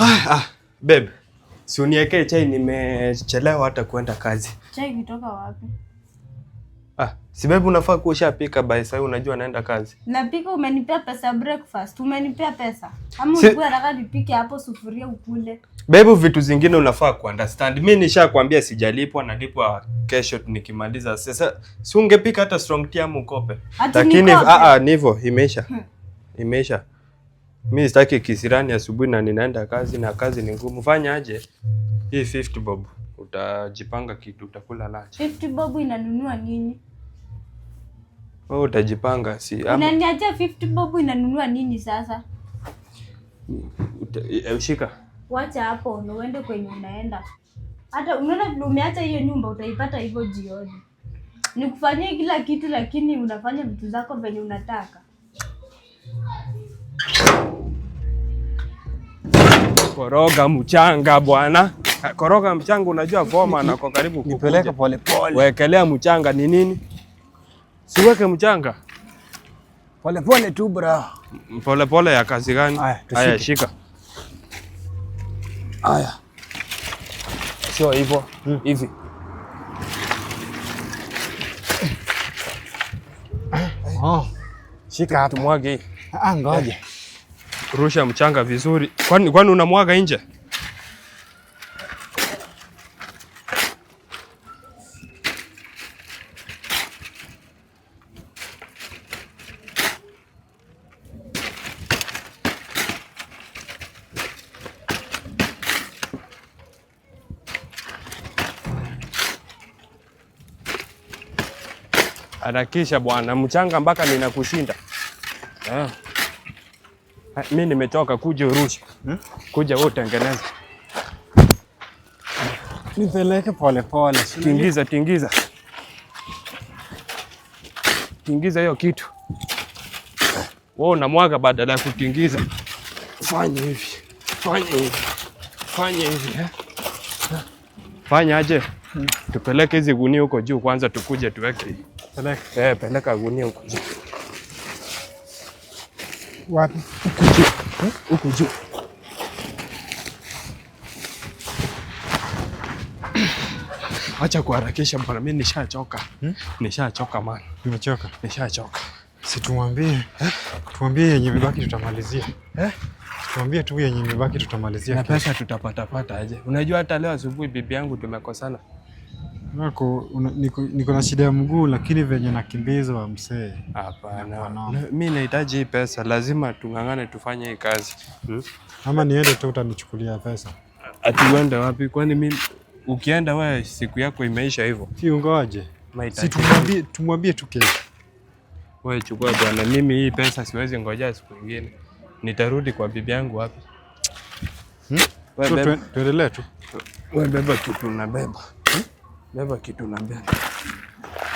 Ah, ah, babe, si uniwekee chai, nimechelewa hata kuenda kazi. Chai kutoka wapi? Ah, si babe, unafaa kuwa ushapika by sasa, unajua naenda kazi. Napika, umenipea pesa breakfast, umenipea pesa. Ama si... nataka nipike hapo sufuria ukule. Babe, vitu zingine unafaa ku understand. Mimi nishakwambia sijalipwa, nalipwa kesho nikimaliza. Sasa si ungepika hata strong tea ama ukope. Lakini a a, nivo imeisha. Hmm. Imeisha mi sitaki kisirani asubuhi na ninaenda kazi na kazi ni ngumu. Fanya aje hii 50 bob, utajipanga kitu, utakula lunch. 50 bob inanunua nini? Wewe oh, utajipanga si unaniacha 50 bob inanunua nini sasa? Uta, eh, Wacha hapo na uende kwenye unaenda. Hata unaona vile umeacha hiyo nyumba utaipata hivyo jioni. Nikufanyie kila kitu lakini unafanya vitu zako venye unataka. Koroga mchanga bwana, koroga mchanga. Unajua voma na kwa karibu nipeleka pole pole. Wekelea mchanga ni nini? Siweke mchanga pole pole tu bra. Pole pole ya kazi gani? Haya, shika haya, sio hivyo hmm. hivi ah. shika, tumwage. Ah, ngoja rusha mchanga vizuri. Kwani kwani unamwaga nje? Harakisha bwana mchanga mpaka ninakushinda. Yeah. Mimi ah, nimechoka kuja urusha. Hmm? Kuja wewe utengeneze. Nipeleke pole pole. Tingiza, tingiza. Tingiza hiyo kitu. Wewe unamwaga badala ya kutingiza. Fanya hivi. Fanya hivi. Fanya hivi. Eh? Fanya aje? Hmm. Tupeleke hizi gunia huko juu kwanza tukuje tuweke. Peleka. Eh, peleka gunia huko juu. Wapi? juu. Eh, Acha kuharakisha bwana, mimi nishachoka. Hmm? Nishachoka man. Nimechoka. Nishachoka. Si tuambie. Eh? Tuambie yenye mibaki tutamalizia. Eh? Tuambie tu yenye mibaki tutamalizia. Na pesa tutapata pata aje? Unajua hata leo asubuhi bibi yangu tumekosana. Nako niko, niko na shida ya mguu lakini venye wa msee. Hapana. Mimi nahitaji hii pesa, lazima tung'ang'ane tufanye hii kazi hmm? Ama niende tu utanichukulia pesa? Ati uende wapi? Kwani mimi ukienda wewe siku yako imeisha hivyo. Si ungoje. Si tumwambie tumwambie tu kesho. Wewe chukua bwana, mimi hii pesa siwezi ngoja siku nyingine. Nitarudi kwa bibi yangu wapi? Hmm? Tuendelee tu. Wewe beba tu tunabeba. Leva kitu la mbele,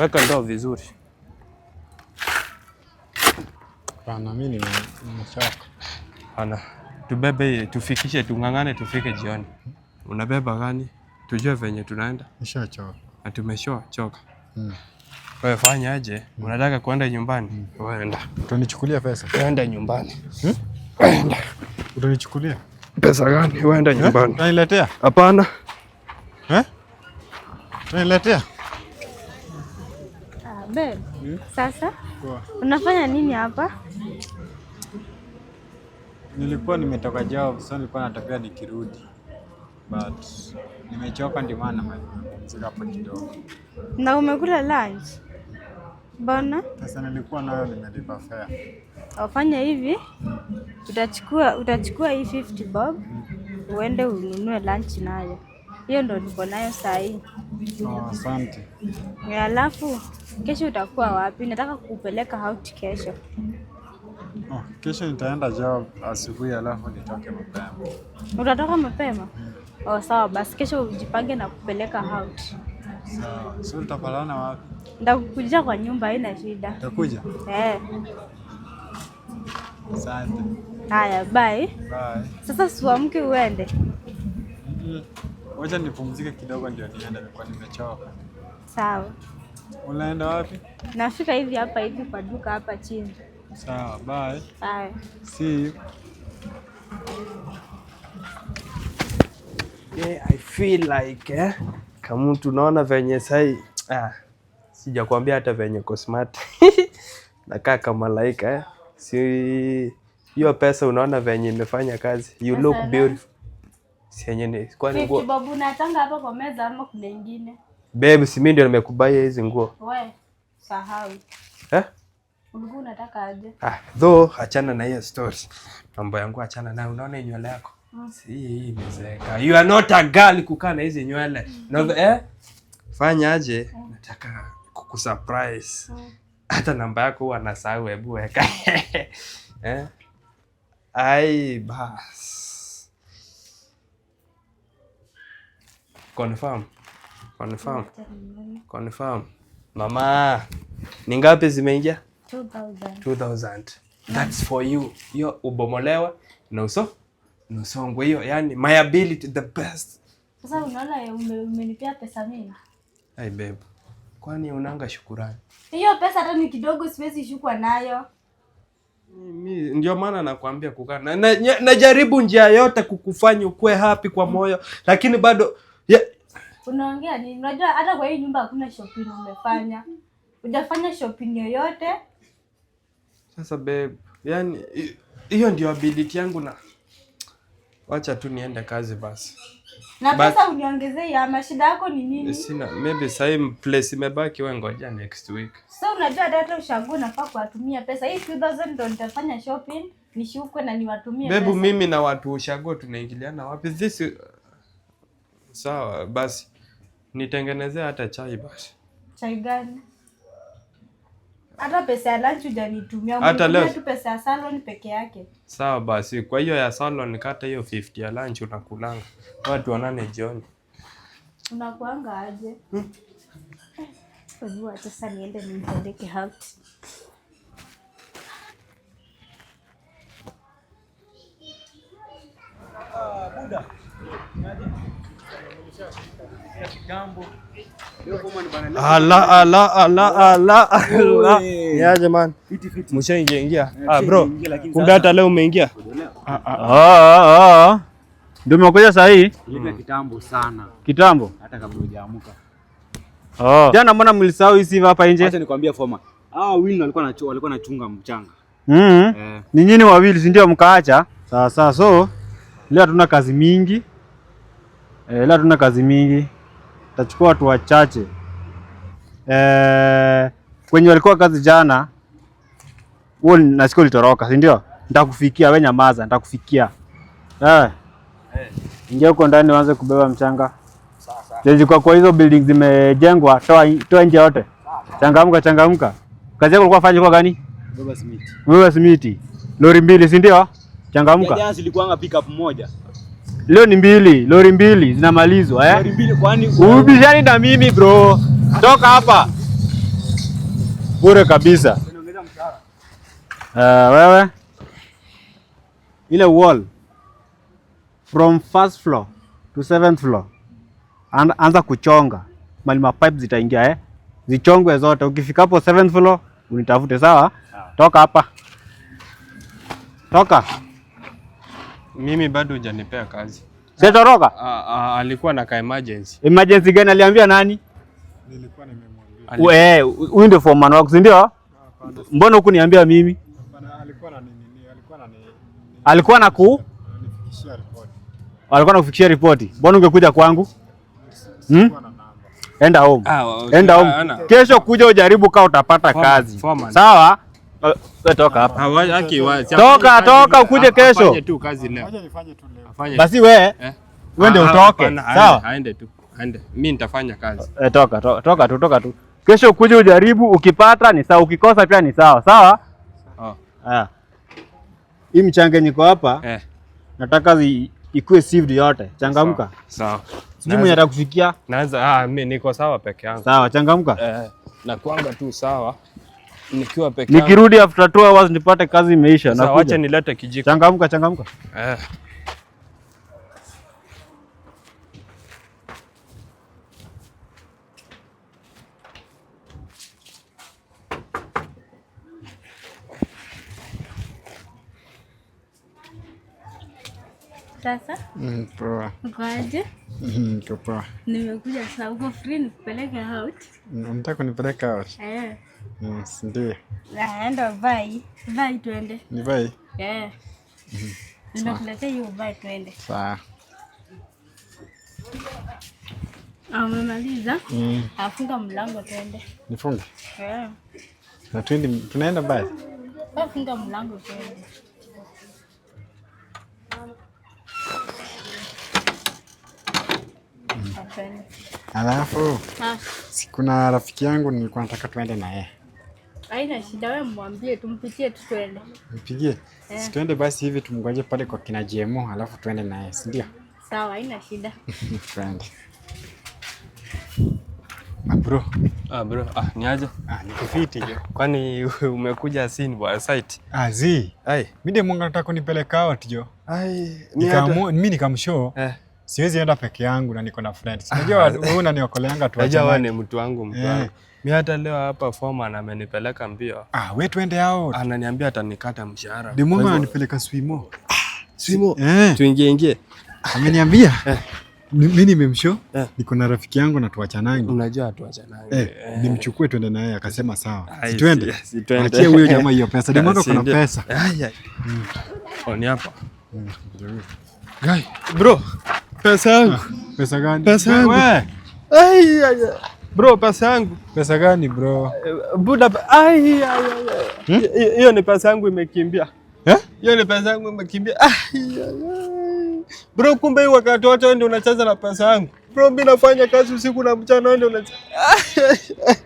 weka ndoo vizuri. Pana mimi nimechoka. Pana tubebe, tufikishe, tung'ang'ane, tufike jioni. Unabeba gani? Tujue venye tunaenda. Nishachoka na choka. Mm. Wewe fanya aje? Hmm. Unataka kuenda nyumbani? Wewe hmm. Wenda. Utanichukulia pesa? Enda nyumbani. Hmm? Utanichukulia pesa gani? enda eh? nyumbani. Unaniletea? Hapana. Eh? Niletea. Ah, babe. Hmm? Sasa Kwa. Unafanya nini hapa? Nilikuwa nimetoka job, so nilikuwa nataka nikirudi. But nimechoka ndio maana nimepumzika hapo kidogo. Na umekula lunch? Bana? Sasa nilikuwa nayo nimelipa fare. Wafanya hivi utachukua utachukua hii 50 bob, hmm. uende ununue lunch nayo. Hiyo ndo niko nayo saa hii. Ah, asante. Oh, alafu kesho utakuwa wapi? Nataka kupeleka out kesho. Oh, kesho nitaenda job asubuhi, alafu nitoke mapema. Utatoka mapema? Oh, sawa basi, kesho ujipange na kupeleka out. Sawa. So, so tutapalana wapi? Nitakukuja kwa nyumba, haina shida. Utakuja? Eh. Asante. Haya, bye. Bye. Sasa suamke uende. Mm -hmm. Wacha nipumzike kidogo ndio niende kwa nimechoka. Sawa. Unaenda wapi? Nafika hivi hapa hivi kwa duka hapa chini. Sawa, bye. Bye. See you. Yeah, I feel like eh, kama mtu naona venye sai ah, sijakwambia hata venye ko smart. Nakaa kama malaika eh. Si hiyo pesa unaona venye imefanya kazi. You look beautiful. Sienye ni ni kwa nguo. Babu, natanga hapa kwa meza ama kuna ingine? Babe, si mimi ndio nimekubaya hizi nguo. Wewe sahau. Eh? Ulikuwa unataka aje? Ah, though achana na hiyo story. Mambo yangu achana nayo. Unaona nywele yako? Mm. Si hii imezeeka. You are not a girl kukaa na hizi nywele. Mm. No, Eh? Fanya aje? Mm. Nataka kukusurprise. Hata namba yako huwa nasahau, hebu weka. Eh? Ai, bas. Confirm. Confirm. Confirm. Mama, ni ngapi zimeingia? 2000. 2000. That's for you. Hiyo ubomolewa na uso na usongwe hiyo, yani my ability the best. Sasa unaona eh, umenipea pesa mimi. Hey babe. Kwani unanga shukurani? Hiyo pesa hata ni kidogo siwezi shukwa nayo. mi, ndio maana nakwambia kukaa. Najaribu na, na njia yote kukufanya ukue happy kwa moyo, lakini bado Unaongea nini? Unajua hata kwa hii nyumba hakuna shopping umefanya, hujafanya shopping yoyote. Sasa babe, yani hiyo ndio ability yangu, na wacha tu niende kazi basi. Na pesa uniongezee ya shida yako ni nini? Sina, maybe same place imebaki, wewe ngoja next week. So unajua hata ushago nafaa kuwatumia pesa. Hii 2000 ndio nitafanya shopping, nishukwe na niwatumie Babe, mimi na watu ushago tunaingiliana wapi? This sawa basi. Nitengenezea hata chai basi. Chai gani? Hata pesa ya lunch hujanitumia. Hata leo tu pesa ya salon peke yake. Sawa basi, kwa hiyo ya salon kata hiyo 50 ya lunch unakulanga. Watu wanane jioni. Unakuanga aje? Hmm. Kwa sasa niende nipeleke out. Ah, buda. Naje? Jamani, mshaingia eh, ah, bro, kumbe hata leo umeingia. Ah, ah, ndio umekuja saa hii kitambo sana. Kitambo? Hata kabla hujaamka. Oh. Jana mbona mlisahau hapa nje? Acha nikwambie Ah, alikuwa alikuwa anachunga mchanga. Mm. Ni nyinyi wawili si ndio mkaacha? Sasa so leo hatuna kazi mingi. Eh, leo hatuna kazi mingi tachukua watu wachache e, kwenye walikuwa kazi jana, wewe nasikia ulitoroka, si ndio? Nitakufikia wewe, nyamaza, nitakufikia eh. Ingia huko ndani uanze kubeba mchanga. Sasa kwa kwa hizo building zimejengwa, toa toa nje yote. Changamka, changamka. Kazi yako ulikuwa fanya kwa gani? Beba simiti. Beba simiti. Lori mbili, si ndio? Changamka. Jana anga pick up moja leo ni mbili, lori mbili zinamalizwa eh? Ubishani na mimi bro, toka hapa bure kabisa. Uh, wewe ile wall from first floor to seventh floor And, anza kuchonga malima pipe zitaingia eh? Zichongwe zote, ukifika hapo seventh floor unitafute sawa? Toka hapa toka. Mimi bado hujanipea kazi. Sijatoroka? Ah, ah, ah, alikuwa na ka emergency. Emergency gani aliambia nani? Nilikuwa nimemwambia. Eh, huyu ndio foreman wako, si ndio? Mbona hukuniambia mimi? Alikuwa na nini? Alikuwa na nini? Alikuwa na ku? Alikuwa nakufikishia ripoti. Mbona ungekuja kwangu? Hmm? Enda home. Ah, okay. Enda home. Kesho kuja ujaribu, kaa utapata kazi. Sawa? Toka hapa. Toka toka ukuje kesho. Afanye Afanye. tu tu kazi leo. leo. Basi we uende eh? ah, ah, utoke. Sawa? Aende tu. Aende. Mimi nitafanya kazi. Eh, Toka toka toka tu toka tu. Kesho ukuje ujaribu, ukipata ni sawa, ukikosa pia ni sawa. Sawa? Oh. Haya. Ah. Hii mchanga niko hapa. Eh. Nataka zi ikue sieved yote. Changamka. Sawa. Sijui mwenye atakufikia. Naanza, ah, mimi niko sawa peke yangu. Sawa, changamka. Eh. eh. Na kwanga tu sawa nikiwa peke yangu. Nikirudi after 2 hours nipate kazi imeisha. Sasa acha nilete kijiko. Changamka, changamka. Eh. Sasa Mm, Mm, poa. poa. nimekuja sasa, uko free nikupeleke out? Unataka kunipeleka out? Eh. Mm, ndio. Naenda vai. Vai twende. Ni vai? Eh. hiyo vai twende. Sawa. Amemaliza. Ah, mm. Afunga ah, mlango twende. Nifunge? Na twende tunaenda bai. Afunga ah, mlango twende. Mm. Alafu, kuna rafiki yangu nilikuwa nataka tuende na yeye. Haina shida, wewe mwambie, tumpitie tu twende. Mpigie eh. Tuende basi hivi, tumngoje pale kwa kina GMO alafu tuende naye, si ndio? Sawa, haina shida Friend. twende. Ah, bro. Ah, bro. Ah, ni aje? Ah, niko Ah. Kwani umekuja sini kwa site? Ah, zi. Ai, mimi mwanga nataka kunipeleka out jo. Ai, Nikamu, mimi nikamshow. Eh. Siwezi enda peke yangu na niko na friends. Unajua wewe unaniokoleanga tu. Unajua wewe ni mtu wangu mtu eh. wangu. Mi hata leo hapa foma na amenipeleka mbio. Ah, we twende out. Ananiambia atanikata mshahara. The moment anipeleka swimo. Ah, swimo. Eh. Tuingie ingie. Ameniambia. Eh. Mimi nimemsho eh. Niko na rafiki yangu na tuachanange. Unajua tuachanange. Eh, eh. Nimchukue twende naye akasema sawa. Si twende. Si twende. Achie huyo jamaa hiyo pesa. The moment kuna pesa. Ai ai. Mm. Oni hapa. Mm. Guy, bro. Pesa yangu. Ah, pesa gani? Pesa eh, yangu. Ai ai. Bro, pesa yangu. Pesa gani bro? Eh, Buda, ai hmm? hiyo ni pesa yangu imekimbia. Eh? Hiyo ni pesa yangu imekimbia. Bro, kumbe hii wakati wote ndio unacheza na pesa yangu. Bro, mimi nafanya kazi usiku na mchana ndio unacheza.